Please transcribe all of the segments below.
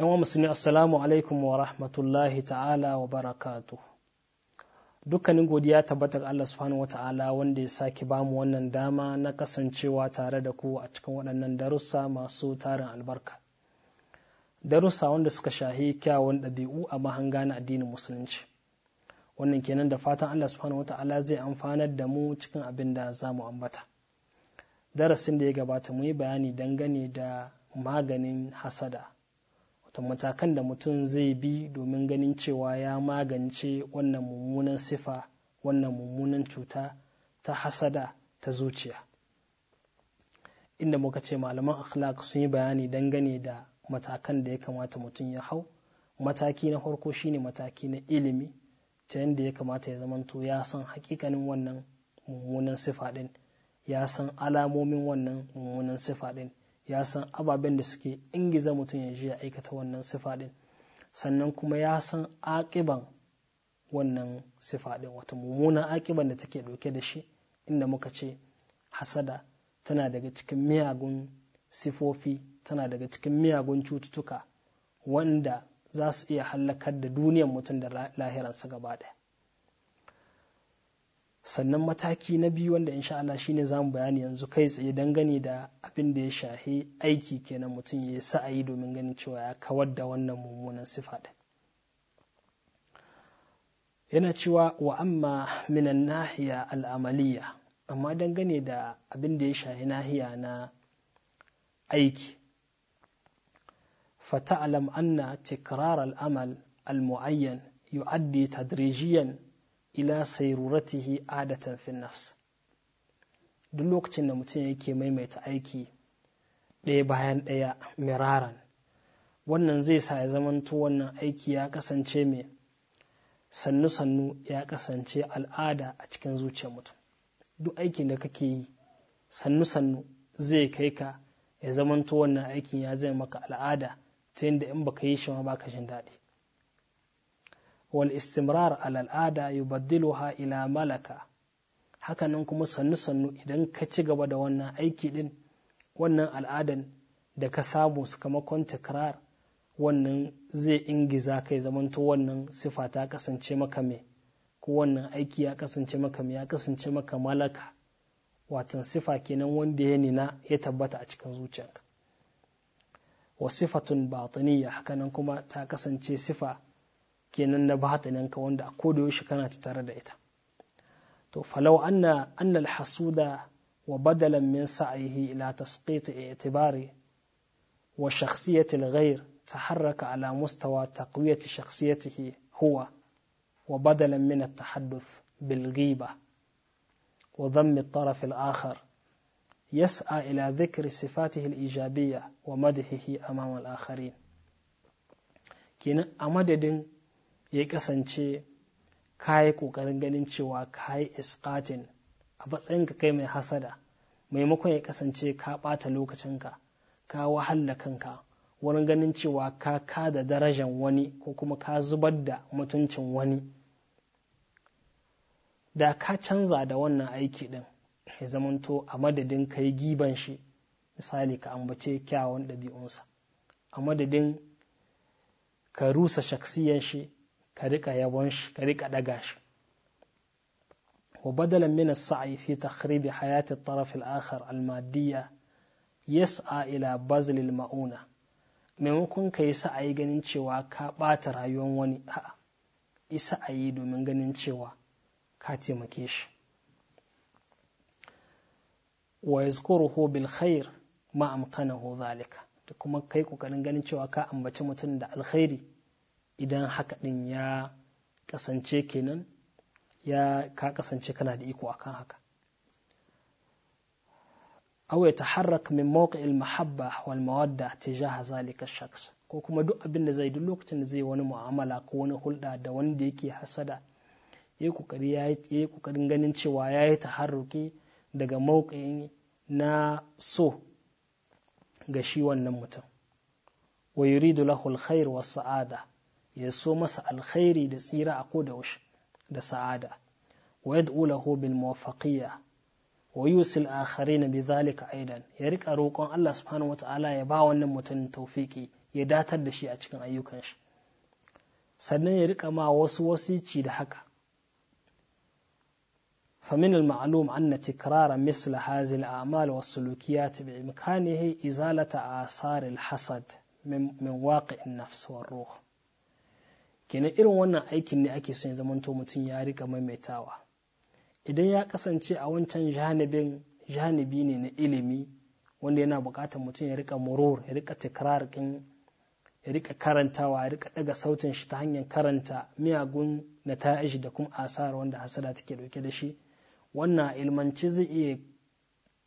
'yan musulmi assalamu alaikum wa rahmatullahi ta'ala wa barakatu dukkanin godiya tabbatar ga Allah subhanahu wa wanda ya sake bamu wannan dama na kasancewa tare da ku a cikin waɗannan darussa masu tarin albarka darussa wanda suka shahi kyawun ɗabi'u a mahanga na addinin musulunci wannan kenan da fatan Allah subhanahu wa zai amfanar da mu cikin abin da za mu ambata darasin da ya gabata mu yi bayani dangane da maganin hasada wata matakan da mutum zai bi domin ganin cewa ya magance wannan mummunan sifa wannan mummunan cuta ta hasada ta zuciya inda muka ce malaman akhlaq sun yi bayani dangane da matakan da ya kamata mutum ya hau mataki na farko shine mataki na ilimi ta yadda ya kamata ya zamanto ya san hakikanin wannan mummunan sifa din ya san alamomin wannan mummunan sifa din ya san ababen da suke ingiza mutum ya ji ya aikata wannan sifa din sannan kuma ya san aƙiban wannan sifa din wata mummunan aƙiban da take ɗauke da shi inda muka ce hasada tana daga cikin miyagun sifofi tana daga cikin miyagun cututtuka wanda za su iya hallakar da duniyar mutum da lahiransa gaba ɗaya sannan mataki na biyu wanda insha Allah shine zamu bayani yanzu kai tsaye dangane da abin da ya shahi aiki kenan mutum ya yi domin ganin cewa ya kawar da wannan mummunan sifa ɗin yana cewa wa amma minan nahiya al'amaliya amma dangane da abin da ya shahi nahiya na aiki Fata fata'alam anna tikrar al'amal al-mu'ayyan yu'addi tadrijiyan ila sairuratihi adatan fi nafs duk lokacin da mutum yake maimaita aiki ɗaya bayan ɗaya miraran wannan zai sa ya zamanto wannan aiki ya kasance mai sannu-sannu ya kasance al'ada a cikin zuciyar mutum duk aikin da kake yi sannu-sannu zai kai ka ya zamanto wannan aikin ya zai maka al'ada ta yadda in baka yi shi ma baka jin daɗi wal istimrar al'ada ha ila malaka hakanan kuma sannu-sannu idan ka ci gaba da wannan aiki din wannan al'adan da ka samu sakamakon takrar wannan zai ingiza kai zamanto wannan sifa ta kasance maka mai ko wannan aiki ya kasance maka mai ya kasance maka malaka watan sifa kenan wanda ya nina ya tabbata a cikin zuciyarka wa sifatun batiniya hakanan kuma ta kasance sifa kenan na batininka wanda a koda yaushe kana ta tare da ita to falau anna anna al-hasuda wa badalan min sa'yihi ila tasqit i'tibari wa shakhsiyati al-ghayr taharraka ala mustawa taqwiyati shakhsiyatihi huwa wa badalan min at-tahadduth bil ghiba wa dhamm at-taraf al-akhar يسعى إلى ijabiyya wa madhihi ومدحه أمام الآخرين كنا أمددن ya kasance ka yi ƙoƙarin ganin cewa ka yi iskatin a matsayin ka kai mai hasada maimakon ya kasance ka ɓata lokacinka ka wahala kanka wurin ganin cewa ka ka da darajan wani ko kuma ka zubar da mutuncin wani da ka canza da wannan aiki ɗin ya zamanto a madadin ka yi giban shi misali ka ambace kyawun ɗabi'unsa a madadin ka rusa shaksiyan shi ka rika yabon shi ka rika ɗaga shi wa badala min as-sa'i fi takhribi hayati at-taraf al-akhar al-maddiyya yas'a ila Bazlil mauna maimakon ka yi sa'ayi ganin cewa ka ɓata rayuwar wani a'a yi sa'ayi domin ganin cewa ka taimake shi wa yazkuruhu bil khair ma amkanahu zalika da kuma kai kokarin ganin cewa ka ambaci mutum da alkhairi idan haka ɗin ya kasance kenan ya ka kasance kana da iko akan haka aw ya taharrak min al mahabba wal mawadda tijaha zalika shakhs ko kuma duk abin da zai duk lokacin da zai wani mu'amala ko wani hulɗa da wanda yake hasada yayi kokari yayi kokarin ganin cewa yayi taharruki daga mawqi'in na so ga shi wannan mutum wa yuridu lahu al-khair was sa'ada ya so masa alkhairi da tsira a koda da sa'ada wa yad'u lahu bil muwaffaqiyya wa yusil akharin bi zalika aidan ya rika roƙon Allah subhanahu wata'ala ya ba wannan mutum tawfiki ya datar da shi a cikin ayyukan shi sannan ya rika ma wasu wasici da haka fa فمن المعلوم أن تكرار مثل هذه izalata والسلوكيات بإمكانه hasad min الحسد من واقع النفس والروح kenan irin wannan aikin ne ake son ya zamanto mutum ya rika maimaitawa idan ya kasance a wancan janibin janibi ne na ilimi wanda yana bukatar mutum ya rika murur ya rika tikrarkin ya rika karantawa ya rika daga sautin shi ta hanyar karanta miyagun nata'ij da kuma asar wanda hasada take dauke da shi wannan ilmanci zai iya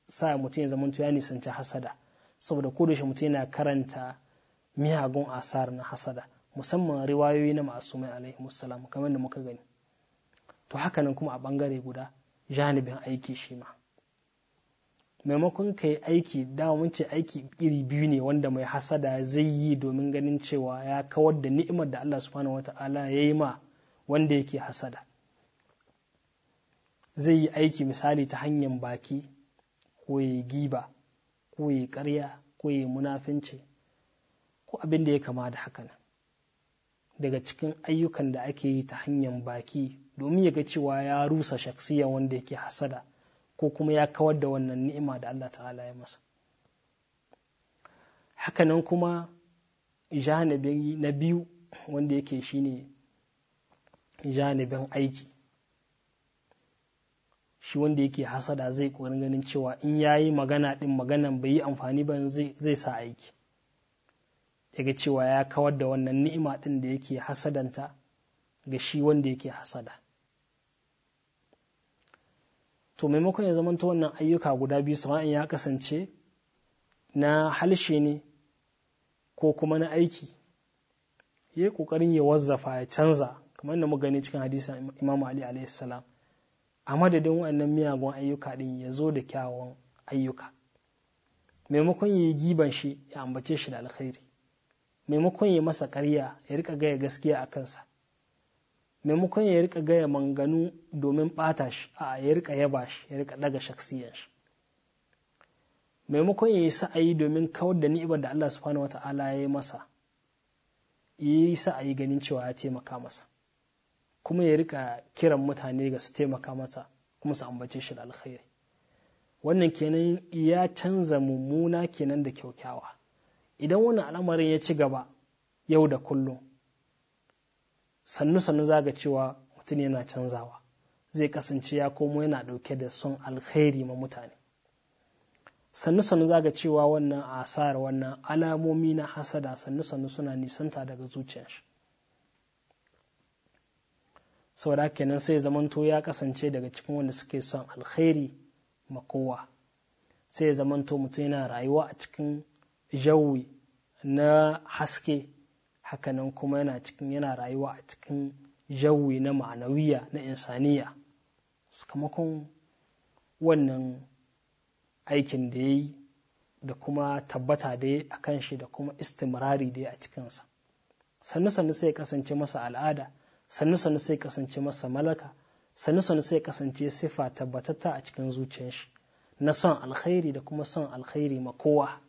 sa mutum ya zamanto ya nisanci hasada saboda ko mutum yana karanta miyagun asar na hasada musamman riwayoyi na ma'asumai alaihi salam kamar da muka gani to hakanan kuma a bangare guda janibin aiki shi ma maimakon ka yi aiki dama mun ce aiki iri biyu ne wanda mai hasada zai yi domin ganin cewa ya kawar da ni'imar da Allah subhanahu wata'ala ya yi ma wanda yake hasada zai yi aiki misali ta hanyar baki ko ya giba ko ya yi ko ya yi munafinci ko abin da ya kama da haka nan daga cikin ayyukan da ake yi ta hanyar baki domin ya ga cewa ya rusa shaksiya wanda yake hasada ko kuma ya kawar da wannan ni'ima da Allah ta'ala ya masa hakanan kuma janibin na biyu wanda yake shine janibin aiki shi wanda yake hasada zai ƙorin ganin cewa in ya yi magana din maganan bai yi amfani ba zai sa aiki ya cewa ya kawar da wannan ni'ima ɗin da yake hasadanta ga shi wanda yake hasada to maimakon ya zamanta wannan ayyuka guda biyu sama'in ya kasance na halshe ne ko kuma na aiki ya yi ƙoƙarin ya wazzafa ya canza kamar da gani cikin hadisin imam ali a madadin waɗannan miyagun ayyuka ɗin ya zo da kyawun ayyuka maimakon ya yi giban shi ya ambace shi da alkhairi maimakon ya masa karya ya rika gaya gaskiya a kansa maimakon ya rika gaya manganu domin ɓata shi a ya rika yaba shi ya rika daga shaksiyan shi maimakon ya yi sa'ayi domin kawar da ni'ibar da Allah subhanahu wata'ala ya yi masa ya yi sa'ayi ganin cewa ya taimaka masa kuma ya rika kiran mutane ga su taimaka masa kuma su ambace shi da alkhairi wannan kenan ya canza mummuna kenan da kyaukyawa idan wani al'amarin ya ci gaba yau da kullum sannu sannu zaga cewa mutum yana canzawa zai kasance ya komo yana dauke da son alkhairi ma mutane sannu sannu zaga cewa wannan asar wannan alamomi na hasada sannu sannu suna nisanta daga zuciyar shi da kenan sai zamanto ya kasance daga cikin wanda suke son alkhairi ma kowa sai zamanto mutum yana rayuwa a cikin jawi na haske hakanan kuma yana cikin yana rayuwa a cikin jawi na ma'anawiya na insaniya sakamakon wannan aikin da ya yi da kuma tabbata da ya a kan shi da kuma istimrari da ya a cikinsa sannu sannu sai kasance masa al'ada sannu sannu sai kasance masa malaka sannu sannu sai kasance sifa tabbatatta a cikin zuciyar shi na son alkhairi da kuma son alkhairi ma kowa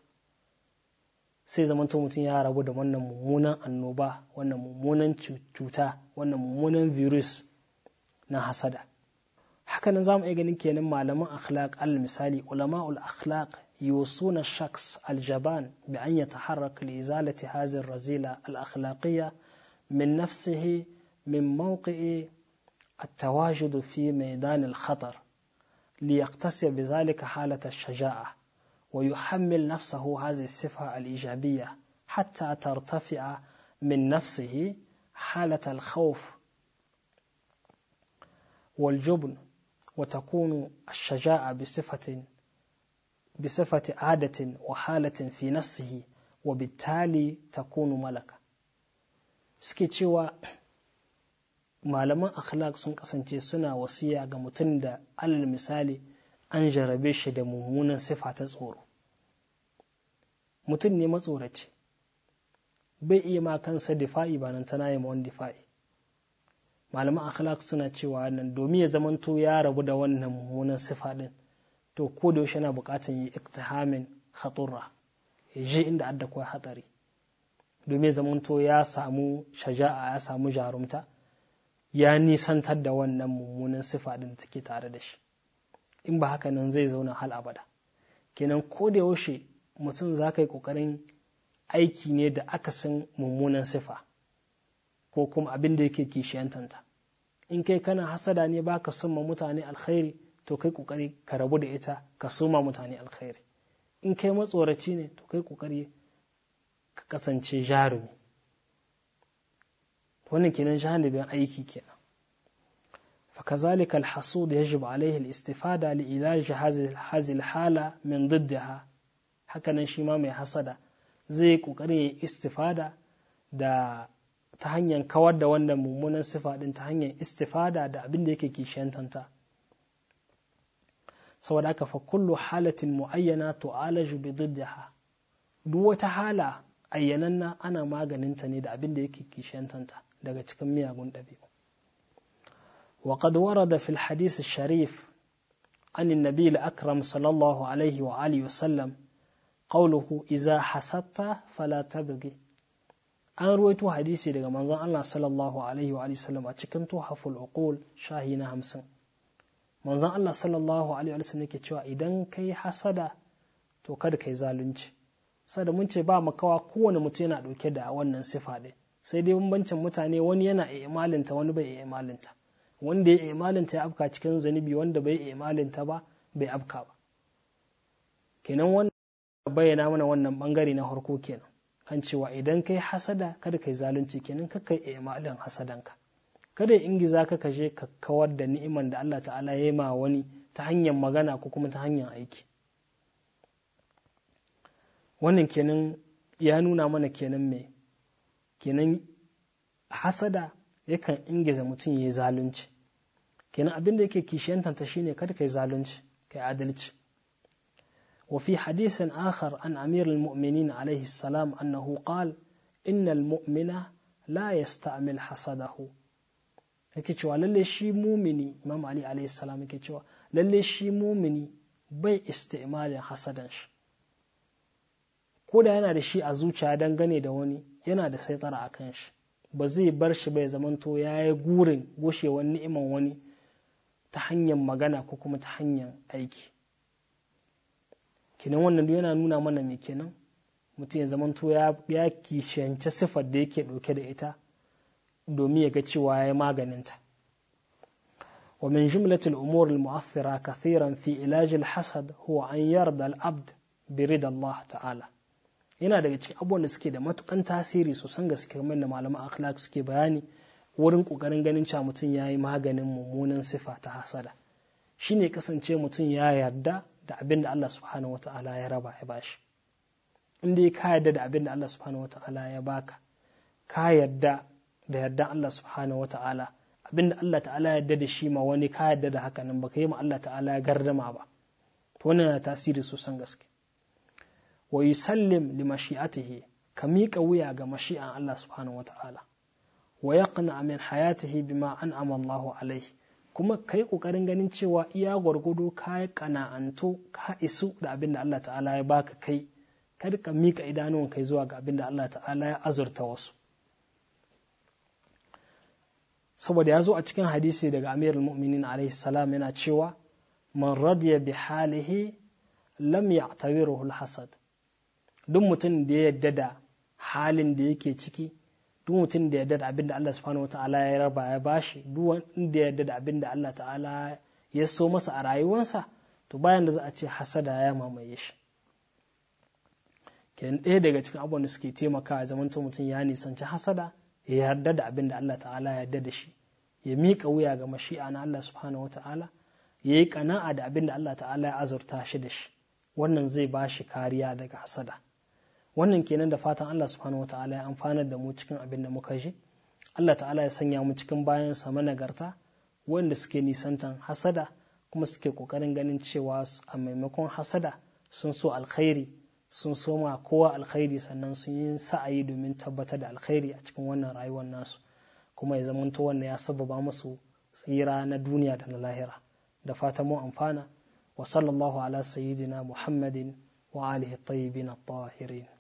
sai zamanto mutum ya rabu da wannan mummunan annoba wannan mummunan cuta wannan mummunan virus na hasada hakanan za mu iya ganin kenan malaman akhlaq al misali ulama ul akhlaq yusuna shaks al jaban bi an yataharrak li izalati hazir razila al akhlaqiyya min nafsihi min mawqi'i at tawajud fi meydan al khatar li yaqtasi bi zalika halata shaja'ah ويحمل نفسه هذه الصفة الإيجابية حتى ترتفع من نفسه حالة الخوف والجبن وتكون الشجاعة بصفة بصفة عادة وحالة في نفسه وبالتالي تكون ملكة suke cewa malaman akhlaq sun kasance suna wasiya ga mutum an jarabe shi da mummunan sifa ta tsoro mutum ne matsoraci bai iya ma kansa difa'i ba nan tana ma wani difa'i malaman akhlaq suna cewa nan domin ya zamanto ya rabu da wannan mummunan sifa din to ko da yaushe yana buƙatar yi iktihamin khaturra ya je inda adda kuwa hatsari domin ya zamanto ya samu shaja'a ya samu jarumta ya nisantar da wannan mummunan sifa din take tare da shi in ba haka nan zai zauna hal abada kenan ko da yaushe mutum za ka yi ƙoƙarin aiki ne da aka san mummunan sifa ko kuma abin da yake kishiyantanta in kai kana hasada ne ba ka suma mutane alkhairi to kai ƙoƙari ka rabu da ita ka suma mutane alkhairi in kai matsoraci ne to kai ƙoƙari ka kasance jarumi wannan kenan janibin aiki kenan فكذلك الحصود يجب عليه الاستفادة لعلاج هذه الحالة من ضدها hakanan shi ma mai hasada zai yi ƙoƙarin ya istifada da ta hanyar kawar da wannan mummunan sifa ɗin ta hanyar istifada da abin da yake kishiyantanta saboda haka fa kullu halatin mu'ayyana tu'alaju bi diddaha duk wata hala ayyananna ana maganinta ne da abin da yake kishiyantanta daga cikin miyagun ɗabi'u وقد ورد في الحديث الشريف عن النبي الأكرم صلى الله عليه وآله وسلم قوله إذا حسبت فلا تبغي an ruwaito hadisi daga manzon Allah sallallahu alaihi wa sallam a cikin tuhaful uqul shahi na hamsin manzon Allah sallallahu alaihi wa sallam yake cewa idan kai hasada to kada kai zalunci sada mun ce ba makawa kowane mutum yana dauke da wannan sifa din sai dai bambancin mutane wani yana imalinta wani bai imalinta wanda ya imalinta ya afka cikin zunubi wanda bai imalinta ba bai afka ba kenan wannan bayyana mana wannan bangare na harko kenan kan cewa idan kai hasada kada kai zalunci kenan ka kai imalin hasadanka kada in giza ka kashe ka kawar da ni'imar da Allah ta'ala ya ma wani ta hanyar magana ko kuma ta hanyar aiki wannan kenan ya nuna mana kenan me kenan hasada yakan ingiza mutum ya yi zalunci kenan abin da yake kishiyantanta shine kada yi zalunci kai adalci wa fi hadisin akhar an amir al-mu'minin alaihi salam annahu qal innal mu'mina la yasta'mil hasadahu yake cewa lalle shi mumini imam ali alaihi salam yake cewa lalle shi mumini bai isti'malin hasadan shi koda yana da shi a zuciya dangane da wani yana da saitara a kan shi ba zai bar shi bai zamanto ya yi gurin gushewar ni'iman wani ta hanyar magana ko kuma ta hanyar aiki kenan wannan yana nuna mana mai kenan mutum ya zamanto ya kishiyance sifar da yake ɗauke da ita domin ya ga cewa ya yi maganinta ومن جملة الأمور المؤثرة كثيرا في علاج الحسد هو أن يرضى العبد برضا الله تعالى yana daga cikin abubuwan da suke da matukan tasiri sosan gaske kamar da malaman akhlaq suke bayani wurin kokarin ganin cewa mutum ya yi maganin mummunan sifa ta hasada shine kasance mutum ya yarda da abin da Allah subhanahu wataala ya raba ya bashi inda ya ka yarda da abin da Allah subhanahu wataala ya baka ka yarda da yarda Allah subhanahu wataala abin da Allah ta'ala ya yarda da shi ma wani ka yarda da haka nan baka yi ma Allah ta'ala ya gardama ba to wannan tasiri sosan gaske wa yusallim li mashi'atihi ka miƙa wuya ga mashi'an Allah subhanahu wata'ala wa yaqna min hayatihi bima an'ama Allahu alaihi kuma kai kokarin ganin cewa iya gwargwado ka kana'antu ka isu da abin da Allah ta'ala ya baka kai kada ka miƙa idanuwan kai zuwa ga abin da Allah ta'ala ya azurta wasu saboda ya zo a cikin hadisi daga amirul mu'minin alaihi salam yana cewa man radiya bi halihi lam ya'tawiruhu al-hasad duk mutum da ya yarda da halin da yake ciki duk mutum da ya yarda da abin da Allah subhanahu wataala ya raba ya bashi duk wanda ya yarda da abin da Allah ta'ala ya so masa a rayuwarsa to bayan da za a ce hasada ya mamaye shi kenan ɗaya daga cikin abubuwan da suke taimakawa ya zamanta mutum ya nisanci hasada ya yarda da abin da Allah ta'ala ya yarda da shi ya miƙa wuya ga mashi'a na Allah subhanahu wataala ya yi kana'a da abin da Allah ta'ala ya azurta shi da shi wannan zai ba shi kariya daga hasada wannan kenan da fatan Allah subhanahu ta'ala ya amfana da mu cikin abin da muka ji Allah ta'ala ya sanya mu cikin bayan bayansa managarta wanda suke nisantan hasada kuma suke kokarin ganin cewa a maimakon hasada sun so alkhairi sun so ma kowa alkhairi sannan sun yi sa'ayi domin tabbatar da alkhairi a cikin wannan rayuwar nasu kuma ya zamanto wannan ya sababa musu tsira na duniya da na lahira da fata mu amfana wa sallallahu ala sayyidina muhammadin wa alihi tayyibin at-tahirin